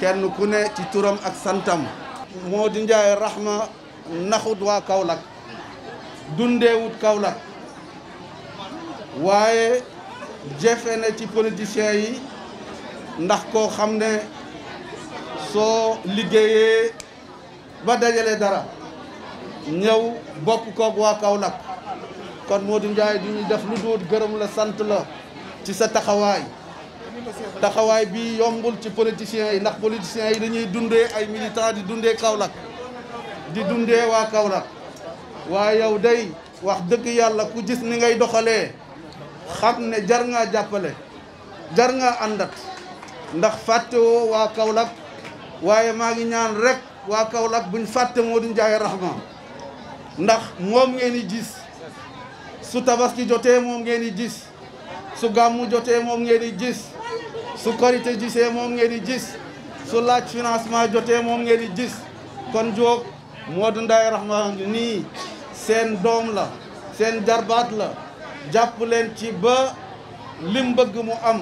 kenn ku ne ci turam ak santam moo di Njaay Rahma naxut waa kawlak dundeewut Kaolack waaye jafe na ci politiciens yi ndax koo xam ne soo liggéeyee ba dajalee dara ñëw bokk koog waa Kaolack kon Modou Ndiaye du ñu def lu dul gërëm la sant la ci sa taxawaay taxawaay bii yombul ci politiciens yi ndax politiciens yi dañuy dundee ay militants di dundee Kaolack di dundee waa Kaolack waa yow day wax dëgg yàlla ku gis ni ngay doxalee xam ne jar ngaa jàppale jar nga àndat ndax fàttewoo waa Kaolack waaye maa ngi ñaan rek waa Kaolack buñ fàtte moo duñ jaay raxma ndax moom ngeen di gis su tabaski jotee moom ngeen di gis su gàmmu jotee moom ngeen di gis su korité gisee moom ngeen di gis su laaj financement jotee moom ngeen di gis kon jóog Modou Ndaye Rahma nii seen doom la seen jarbaat la jàpp leen ci ba lim bëgg mu am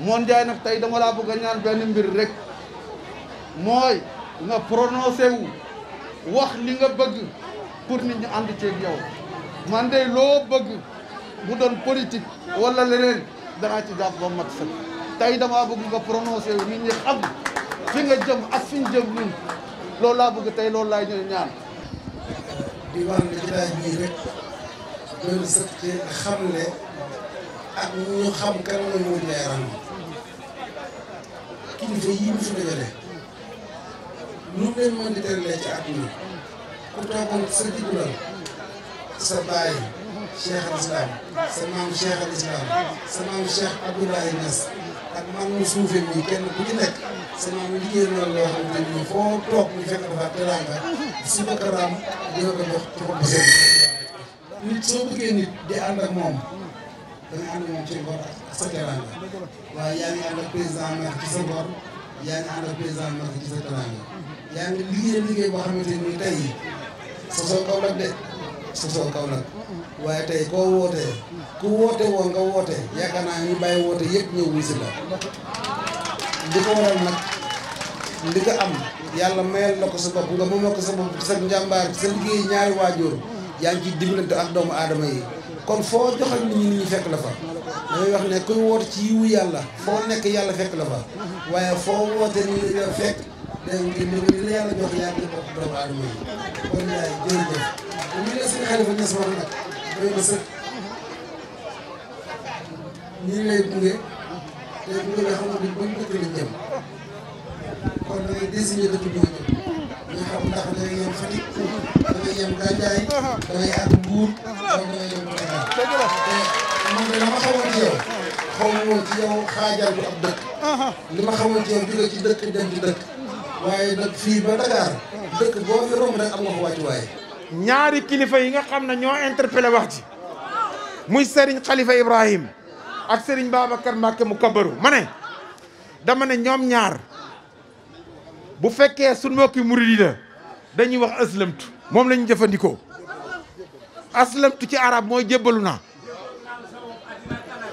moon Ndiaye nag tey dama laa bëgg a ñaan benn mbir rek mooy nga prononcé wax li nga bëgg pour nit ñu ànd ceeg yow man de loo bëgg mu doon politique wala leneen danaa ci jàpp ba mat sëkk tey damaa bëgg nga prononcé wu nit ñi xam fi nga jëm ak fi ñu jëm ñun loolu laa bëgg tey loolu laay ñuy ñaan. di wax ne jotaay bii rek loolu sëkk ci xam ne ak ñu xam kan mooy Modou Ndiaye Ramé kilifa yii mu fi dajale lu leen mën di teralee ci àdduna ku toogoon sa jigulal sa bàyyi cheikh al sa maam cheikh al sa maam cheikh Abdoulaye Niass ak man mu suufee nii kenn ku ci nekk sama liggéey loolu loo xamante ni foo toog ñu fekk dafa teraanga si ba karam dina ko jox sa teraanga waaye yaa ngi ànd ak président Macky ci sa ngor yaa ngi ànd ak président Macky ci sa teraanga yaa ngi liggéey liggéey boo xamante ni tey sa soo kaw de sosoo Kaolack waaye tey koo wootee ku woote woon nga woote yaakaar naa ñu bàyyi woote yëpp ñëw wuusi la li ko waral nag li ko am yàlla mayal la ko sa bopp nga mënoo ko sa bopp sa njàmbaar sa liggéey ñaari waajur yaa ngi ciy dimbalante ak doomu aadama yi kon foo joxal nit ñi nit ñi fekk la fa damay wax ne kuy woote ci yiwu yàlla foo nekk yàlla fekk la fa waaye foo woote ni la fekk danañ dimbali li la yàlla jox yaa ngi bokk doomu aadama yi kon yaay jërëjëf ñu ngi lay suñu xalifa ñes wax nag doy na sëkk ñii lay gunge te gunge nga xam ne buñ dëkk lañ jëm kon da ngay désigné dëkk bi nga jëm ñu xam ndax da ngay yem Fatick da ngay yem Gandiaye da ngay àgg Mbour da ngay yem Dakar te man de la ma xamoon ci yow xaw ma woon ci yow xaajal bu ab dëkk li ma xamoon ci yow jóge ci dëkk dem ci dëkk waaye nag fii ba Dakar dëkk ñaari kilifa yi nga xam ne ñoo interpellé wax ci muy Serigne Khalifa Ibrahim ak Serigne Babacar Mbacké mu kabaru ma ne dama ne ñoom ñaar bu fekkee suñ mbokki murid yi dañuy wax aslamtu moom la jëfandikoo aslamtu ci arab mooy jébbalu naa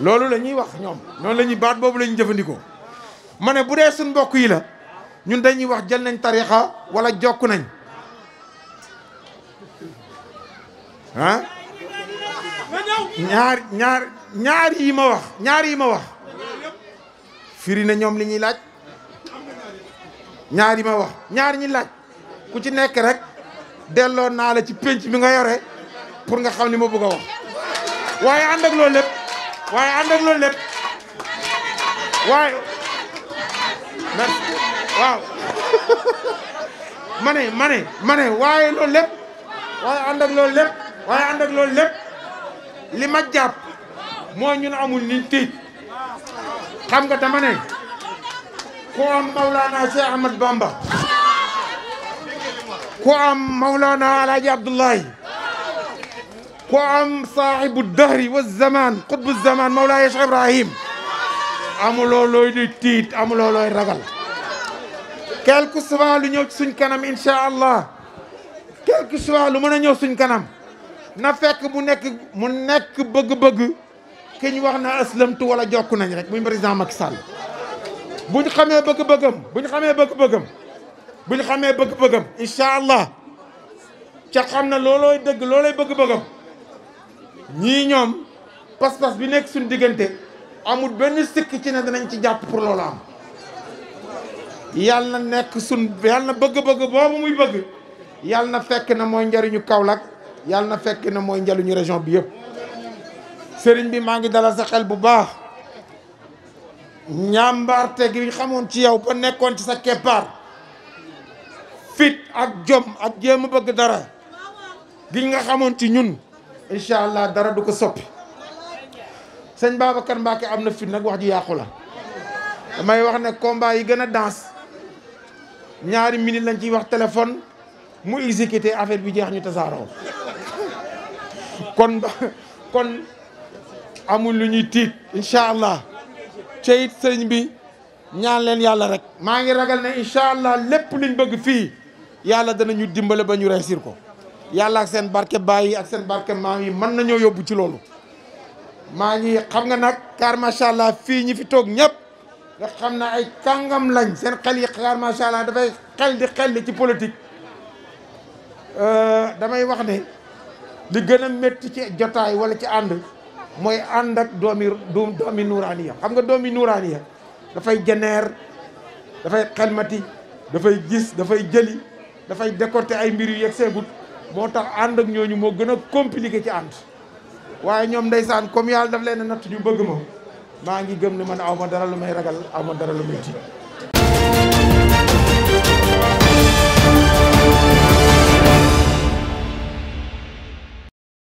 loolu lañuy wax ñoom noonu la ñuy baat boobu la jëfandikoo ma ne bu dee suñ mbokk yi la ñun dañuy wax jël nañ tarixa wala jokk nañ ah ñaar ñaar ñaar yi ma wax ñaar yi ma wax firi na ñoom li ñuy laaj ñaar yi ma wax ñaar ñi laaj ku ci nekk rek delloo naa la ci pénc bi nga yore pour nga xam ni ma bëgg a wax waaye ànd ak loolu lépp waaye ànd ak loolu lépp waaye waaw mane ne mane ne ma ne waaye loolu lépp waaye ànd ak loolu waaye ànd ak loolu li ma jàpp mooy ñun amul niñ tiit xam nga dama ne ku am Maulana Cheikh Ahmad Bamba ku am Maulana Alhaji Abdoulaye ku am saaxibu dahri wa zaman xutbu zaman Maulana Cheikh Ibrahim amuloo looy di tiit amuloo looy ragal quelque soit lu ñëw ci suñ kanam incha allah quelque soit lu mën a ñëw suñ kanam na fekk mu nekk mu nekk bëgg-bëgg ki ñu wax na aslamtu wala jokk nañ rek mu président Macky Sall bu ñu xamee bëgg-bëggam bu ñu xamee bëgg-bëggam bu ñu xamee bëgg-bëggam incha allah ca xam na loolooy dëgg loolooy bëgg-bëggam ñii ñoom pas-pas bi nekk suñ diggante amul benn sikk ci ne danañ ci jàpp pour loolu am yàlla na nekk sun yàlla na bëgg-bëgg boobu muy bëgg yàlla na fekk na mooy njariñu Kaolack yàlla na fekk na mooy njariñu région bi yëpp sëriñ bi maa ngi dalal sa xel bu baax ñàmbaarte gi ñu xamoon ci yow ba nekkoon ci sa keppaar fit ak jom ak jéem a bëgg dara gi nga xamoon ci ñun incha allah dara du ko soppi sëñ Babacar Mbacke am na fit nag wax ji yàqu la damay wax ne combat yi gën a danse ñaari minute lañ ciy wax téléphone mu exécuté affaire bi jeex ñu tasaaroo kon kon amul lu ñuy tiit incha allah ca it bi ñaan leen yàlla rek maa ngi ragal ne incha allah lépp luñ bëgg fii yàlla ñu dimbale ba ñu réussir ko yàlla ak seen barke bàyyi ak seen barke maam yi mën nañoo yóbbu ci loolu maa ngi xam nga nag car macha allah fii ñi fi toog ñëpp nga xam ne ay kàngam lañ seen xel yi xaar macha allah dafay xel di xel di ci politique euh, damay wax ne li gën a metti ci jotaay wala ci ànd mooy ànd ak doomi doomi nuuraaniya xam nga doomi ya dafay jeneer dafay xelmati dafay gis dafay jëli dafay décorté ay mbir yu yegg seegut moo tax ànd ak ñooñu moo gën a compliqué ci ànd waaye ñoom ndeysaan comme yàlla daf leen a natt ñu bëgg ma maa ngi gëm ne man aw ma dara lu may ragal aw dara lu may tiit